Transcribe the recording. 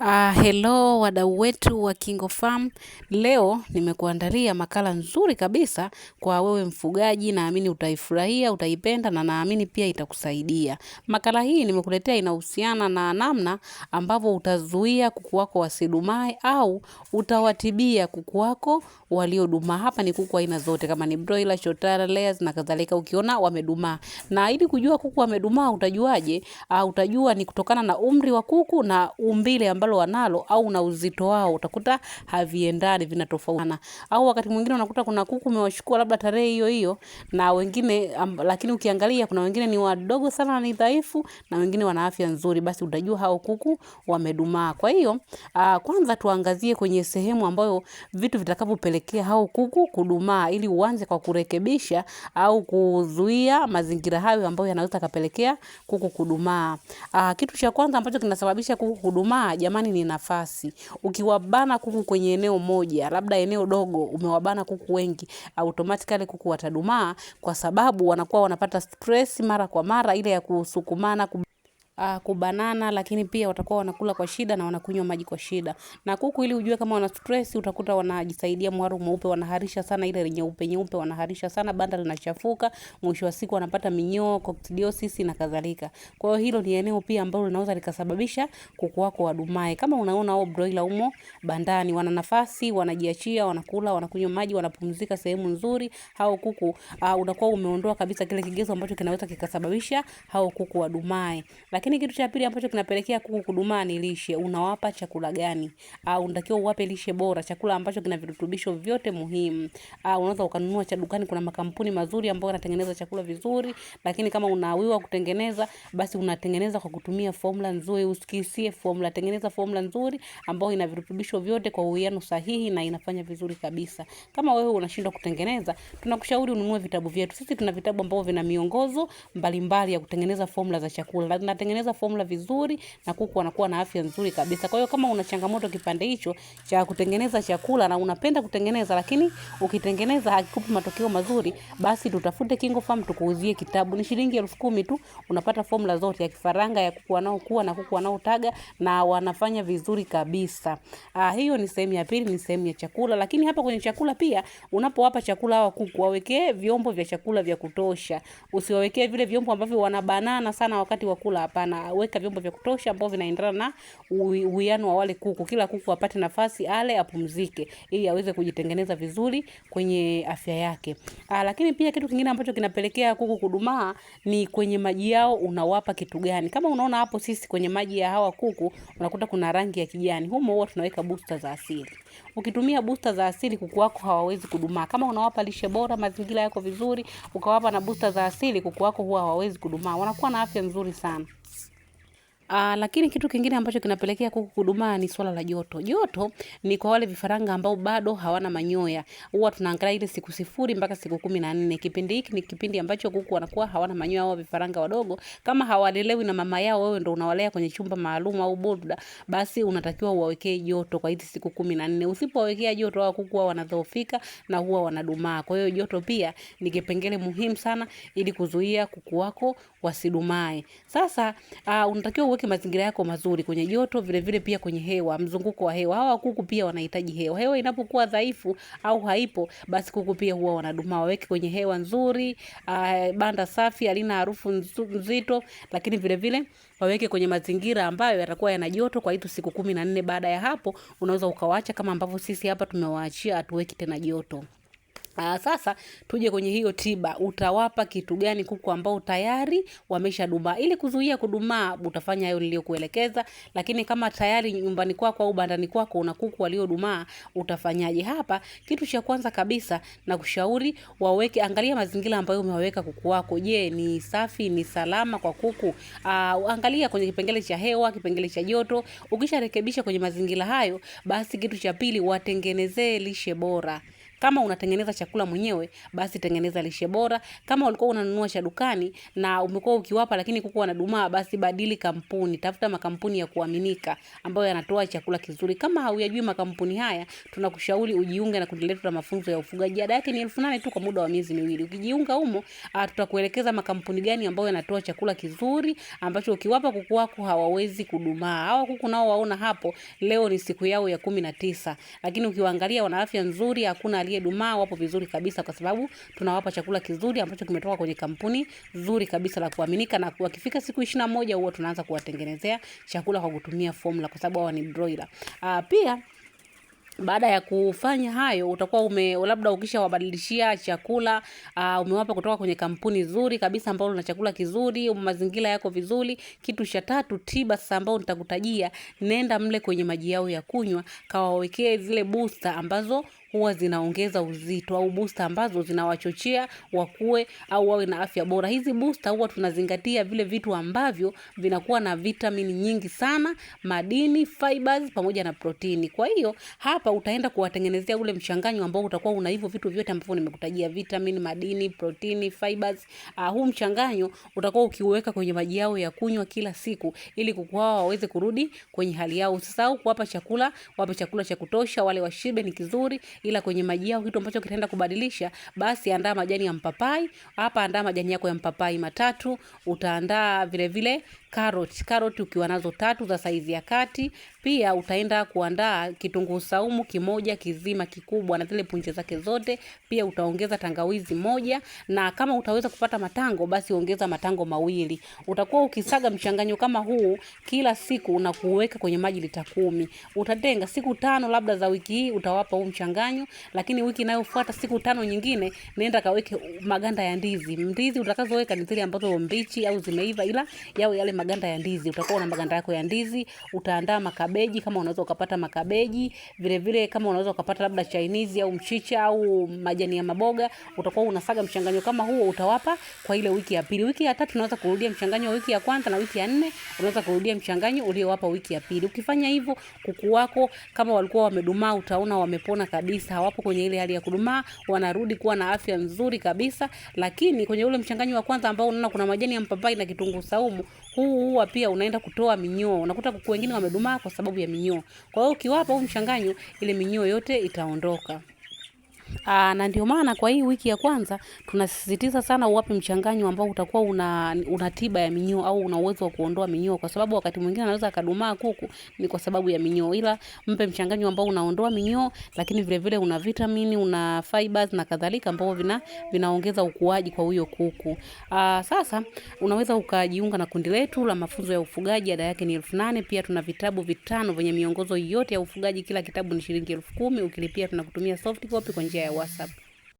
Uh, hello wadau wetu wa KingoFarm. Leo nimekuandalia makala nzuri kabisa kwa wewe mfugaji, naamini utaifurahia, utaipenda na naamini pia itakusaidia. Makala hii nimekuletea inahusiana na namna ambavyo utazuia kuku wako wasidumae au utawatibia kuku wako waliodumaa. Hapa ni kuku aina zote kama ni broiler, chotara, layers na kadhalika ukiona wamedumaa. Na ili kujua kuku wamedumaa utajuaje? Uh, utajua ni kutokana na umri wa kuku na umbile ambalo ambalo wanalo au na uzito wao utakuta haviendani, vinatofautiana. Au wakati mwingine unakuta kuna kuku umewashukua labda tarehe hiyo hiyo na wengine amb, lakini ukiangalia kuna wengine ni wadogo sana na ni dhaifu na wengine wana afya nzuri, basi utajua hao kuku wamedumaa. Kwa hiyo uh, kwanza tuangazie kwenye sehemu ambayo vitu vitakavyopelekea hao kuku kudumaa, ili uanze kwa kurekebisha au kuzuia mazingira hayo ambayo yanaweza kapelekea kuku kudumaa. Uh, kitu cha kwanza ambacho kinasababisha kuku kudumaa jamani Natamani ni nafasi. Ukiwabana kuku kwenye eneo moja, labda eneo dogo, umewabana kuku wengi, automatically kuku watadumaa kwa sababu wanakuwa wanapata stress mara kwa mara ile ya kusukumana uh, kubanana, lakini pia watakuwa wanakula kwa shida na wanakunywa maji kwa shida. Na kuku ili ujue kama wana stress, utakuta wanajisaidia mwaru mweupe, wanaharisha sana ile nyeupe nyeupe, wanaharisha sana, banda linachafuka, mwisho wa siku wanapata minyoo, coccidiosis na kadhalika. Kwa hiyo hilo ni eneo pia ambalo linaweza likasababisha kuku wako wadumae. Kama unaona wao broiler umo bandani, wana nafasi, wanajiachia, wanakula, wanakunywa maji, wanapumzika sehemu nzuri, hao kuku uh, unakuwa umeondoa kabisa kile kigezo ambacho kinaweza kikasababisha hao kuku wadumae. Lakini lakini kitu cha pili ambacho kinapelekea kuku kudumaa ni lishe. Unawapa chakula gani? Au ah, unatakiwa uwape lishe bora, chakula ambacho kina virutubisho vyote muhimu. Au ah, unaweza ukanunua cha dukani, kuna makampuni mazuri ambayo yanatengeneza chakula vizuri, lakini kama unaawiwa kutengeneza, basi unatengeneza kwa kutumia formula nzuri, usikisie formula, tengeneza formula nzuri ambayo ina virutubisho vyote kwa uwiano sahihi na inafanya vizuri kabisa. Kama wewe unashindwa kutengeneza, tunakushauri ununue vitabu vyetu. Sisi tuna vitabu ambavyo vina miongozo mbalimbali ya kutengeneza formula za chakula kutengeneza formula vizuri na kuku wanakuwa na afya nzuri kabisa. Kwa hiyo kama una changamoto kipande hicho cha kutengeneza chakula na unapenda kutengeneza lakini ukitengeneza hakikupi matokeo mazuri, basi tutafute Kingo Farm tukuuzie kitabu. Ni shilingi elfu kumi tu unapata formula zote ya kifaranga, ya kuku wanaokuwa na kuku wanaotaga na wanafanya vizuri kabisa. Ah, hiyo ni sehemu ya pili, ni sehemu ya chakula. Lakini hapa kwenye chakula pia unapowapa chakula hawa kuku wawekee vyombo vya chakula vya kutosha. Usiwawekee vile vyombo ambavyo wanabanana sana wakati wa kula hapa. Weka vyombo vya kutosha ambavyo vinaendana na uwiano wa wale kuku. Kila kuku apate nafasi ale, apumzike ili aweze kujitengeneza vizuri kwenye afya yake. Aa, ah, lakini pia kitu kingine ambacho kinapelekea kuku kudumaa ni kwenye maji yao, unawapa kitu gani? Kama unaona hapo, sisi kwenye maji ya hawa kuku unakuta kuna rangi ya kijani, humo huwa tunaweka booster za asili. Ukitumia booster za asili, kuku wako hawawezi kudumaa. Kama unawapa lishe bora, mazingira yako vizuri, ukawapa na booster za asili, kuku wako huwa hawawezi kudumaa, wanakuwa na afya nzuri sana. Uh, lakini kitu kingine ambacho kinapelekea kuku kudumaa ni swala la joto. Joto ni kwa wale vifaranga ambao bado hawana manyoya. Huwa tunaangalia ile siku sifuri mpaka siku kumi na nne. Kipindi hiki ni kipindi ambacho kuku wanakuwa hawana manyoya au vifaranga wadogo. Kama hawalelewi na mama yao, wewe ndo unawalea kwenye chumba maalum au bodda, basi unatakiwa uwawekee joto kwa hizi siku kumi na nne. Usipowawekea joto, hao kuku wanadhoofika na huwa wanadumaa. Kwa hiyo joto pia ni kipengele muhimu sana ili kuzuia kuku wako wasidumae. Sasa uh, unatakiwa uweke mazingira yako mazuri kwenye joto, vile vile pia kwenye hewa, mzunguko wa hewa. Hawa kuku pia wanahitaji hewa. Hewa inapokuwa dhaifu au haipo, basi kuku pia huwa wanadumaa. Waweke kwenye hewa nzuri, uh, banda safi halina harufu nzito, lakini vile vile waweke kwenye mazingira ambayo yatakuwa yana joto kwa hiyo siku kumi na nne. Baada ya hapo, unaweza ukawaacha kama ambavyo sisi hapa tumewaachia, hatuweki tena joto. Aa, ah, sasa tuje kwenye hiyo tiba, utawapa kitu gani kuku ambao tayari wamesha dumaa? Ili kuzuia kudumaa, utafanya hayo niliyokuelekeza, lakini kama tayari nyumbani kwako au bandani kwako una kuku waliodumaa, utafanyaje? Hapa kitu cha kwanza kabisa na kushauri waweke, angalia mazingira ambayo umewaweka kuku wako. Je, ni safi, ni salama kwa kuku? Aa, ah, angalia kwenye kipengele cha hewa, kipengele cha joto. Ukisharekebisha kwenye mazingira hayo, basi kitu cha pili, watengenezee lishe bora. Kama unatengeneza chakula mwenyewe, basi tengeneza lishe bora. Kama ulikuwa unanunua cha dukani na umekuwa ukiwapa, lakini kuku wanadumaa, basi badili kampuni, tafuta makampuni ya kuaminika ambayo yanatoa chakula kizuri. Kama hauyajui makampuni haya, tunakushauri ujiunge na kundi letu la mafunzo ya ufugaji. Ada yake ni elfu nane tu kwa muda wa miezi miwili. Ukijiunga humo, ah, tutakuelekeza makampuni gani ambayo yanatoa chakula kizuri ambacho ukiwapa kuku wako hawawezi kudumaa. Hawa kuku nao waona hapo, leo ni siku yao ya kumi na tisa, lakini ukiwaangalia wana afya nzuri, hakuna ukiangalia Dumaa wapo vizuri kabisa, kwa sababu tunawapa chakula kizuri ambacho kimetoka kwenye kampuni nzuri kabisa la kuaminika, na wakifika siku 21 huwa tunaanza kuwatengenezea chakula kwa kutumia formula, kwa sababu hawa ni broiler. Uh, pia baada ya kufanya hayo utakuwa ume labda ukishawabadilishia chakula uh, umewapa kutoka kwenye kampuni nzuri kabisa ambayo una chakula kizuri, mazingira yako vizuri. Kitu cha tatu tiba sasa, ambao nitakutajia, nenda mle kwenye maji yao ya kunywa, kawawekee zile booster ambazo huwa zinaongeza uzito au booster ambazo zinawachochea wakue au wawe na afya bora. Hizi booster huwa tunazingatia vile vitu ambavyo vinakuwa na vitamini nyingi sana, madini, fibers pamoja na protini. Kwa hiyo hapa utaenda kuwatengenezea ule mchanganyo ambao utakuwa una hivyo vitu vyote ambavyo nimekutajia: vitamini, madini, protini, fibers. Uh, huu mchanganyo utakuwa ukiuweka kwenye maji yao ya kunywa kila siku ili kuku hao waweze kurudi kwenye hali yao. Usisahau kuwapa chakula, wape chakula cha kutosha, wale washibe ni kizuri ila kwenye maji yao, kitu ambacho kitaenda kubadilisha, basi andaa majani ya mpapai. Hapa andaa majani yako ya mpapai matatu, utaandaa vile vile carrot. Carrot ukiwa nazo tatu za saizi ya kati. Pia utaenda kuandaa kitunguu saumu kimoja kizima kikubwa na zile punje zake zote. Pia utaongeza tangawizi moja, na kama utaweza kupata matango basi ongeza matango mawili. Utakuwa ukisaga mchanganyo kama huu kila siku na kuweka kwenye maji lita kumi. Utatenga siku tano labda za wiki hii utawapa huu mchanganyo, lakini wiki inayofuata siku tano nyingine nenda kaweke maganda ya ndizi. Ndizi utakazoweka ni zile ambazo mbichi au zimeiva, ila yawe yale maganda ya ndizi. Utakuwa una maganda yako ya ndizi, utaandaa makabeji kama unaweza ukapata makabeji, vile vile kama unaweza ukapata labda chinese au mchicha au majani ya maboga, utakuwa unasaga mchanganyo kama huo, utawapa kwa ile wiki ya pili. Wiki ya tatu unaweza kurudia mchanganyo wa wiki ya kwanza, na wiki ya nne unaweza kurudia mchanganyo uliowapa wiki ya pili. Ukifanya hivyo, kuku wako kama walikuwa wamedumaa, utaona wamepona kabisa, hawapo kwenye ile hali ya kudumaa, wanarudi kuwa na afya nzuri kabisa. Lakini kwenye ule mchanganyo wa kwanza ambao unaona kuna majani ya mpapai na kitunguu saumu huu huwa pia unaenda kutoa minyoo. Unakuta kuku wengine wamedumaa kwa sababu ya minyoo. Kwa hiyo ukiwapa huu mchanganyo, ile minyoo yote itaondoka vipi? Ah, na ndio maana kwa hii wiki ya kwanza tunasisitiza sana uwape mchanganyo ambao utakuwa una, una tiba ya minyoo au una uwezo wa kuondoa minyoo, kwa sababu wakati mwingine anaweza akadumaa kuku ni kwa sababu ya minyoo, ila mpe mchanganyo ambao unaondoa minyoo, lakini vile vile una vitamini, una fibers na kadhalika ambao vina vinaongeza ukuaji kwa huyo kuku. Ah, sasa unaweza ukajiunga na kundi letu la mafunzo ya ufugaji, ada yake ni elfu nane. Pia tuna vitabu vitano vyenye miongozo yote ya ufugaji, kila kitabu ni shilingi elfu kumi. Ukilipia tunakutumia soft copy kwa njia ya WhatsApp.